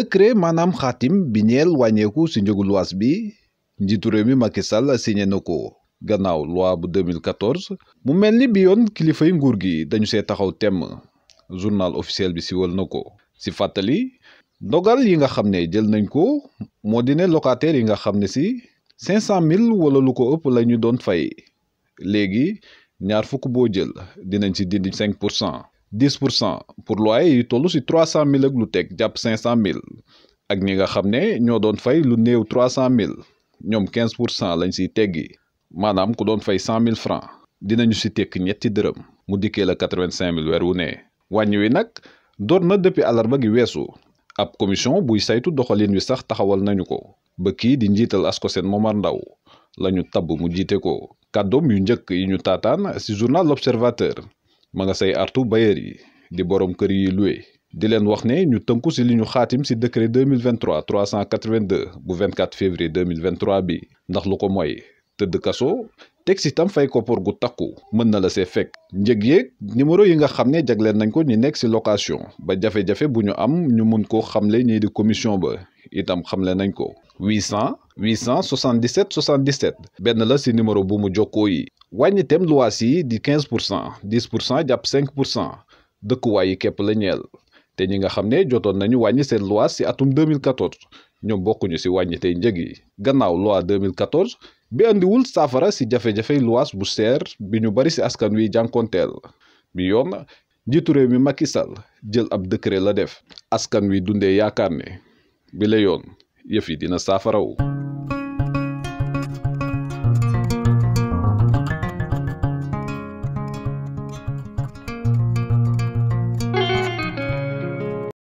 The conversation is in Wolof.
décret maanaam xaatim bi ñeel wàññeeku ci njëgu luwaas bi njiitu réew mi Macky Sall signé na ko gannaaw loi bu 2014 mu mel ni bi yoon kilifay nguur gi dañu see taxaw temm journal officiel bi si siwal na ko ci fàttali ndogal yi nga xam ne jël nañ ko moo di ne locataire yi nga xam ne ci 500000 wala lu ko ëpp la ñu doon fay léegi ñaar fukk boo jël dinañ ci dindi 5 pour cent 10 pour cent pour loyer yi toll ci 300000 ak lu teg jàpp 500000 ak ñi nga xam ne ñoo doon fay lu néew trois cent mille ñoom quinze pour cent lañ siy teggi maanaam ku doon fay cent mille franc dinañu si tekk ñetti dërëm mu dikkee la quatre vingt cinq mille wu ne wàññi wi nag door na depuis àllarba gi weesu ab commission buy saytu doxalin wi sax taxawal nañu ko ba kii di njiital Ascosen Momar Ndaw lañu tabb mu jiite ko kàddoom yu njëkk yi ñu taataan si journal L'Observateur ma nga say artu bailleur yi di borom kër yi loué di leen wax ne ñu tënku ci li ñu xaatim ci décret 2023 382 bu 24 février 2023 bi ndax lu ko mooy tëdd kaso teg ci tam fay koppar gu takku mën na la see fekk njëg yeeg numéro yi nga xam ne jagleen nañ ko ñi nekk ci location ba jafe-jafe bu ñu am ñu mun ko xamle ñii di commission ba itam xamle nañ ko 800 877 77 benn la ci numéro bu mu jokkoo yi wàññi tem luwaas yi di 15 pour cent 10 pour cent jàpp 5 pour cent dëkkuwaay yi képp la ñeel te ñi nga xam ne jotoon nañu wàññi seen loi ci atum 2014 ñoom bokkuñu ci wàññi tey njëg yi gannaaw loi 2014 bi andiwul saafara ci jafe-jafe luwaas bu seer bi ñu bari ci askan wi jànkoonteel bi yoon njiitu réew mi Macky Sall jël ab décret la def askan wi dundee yaakaar ne bi yoon yëf yi dina saafarawu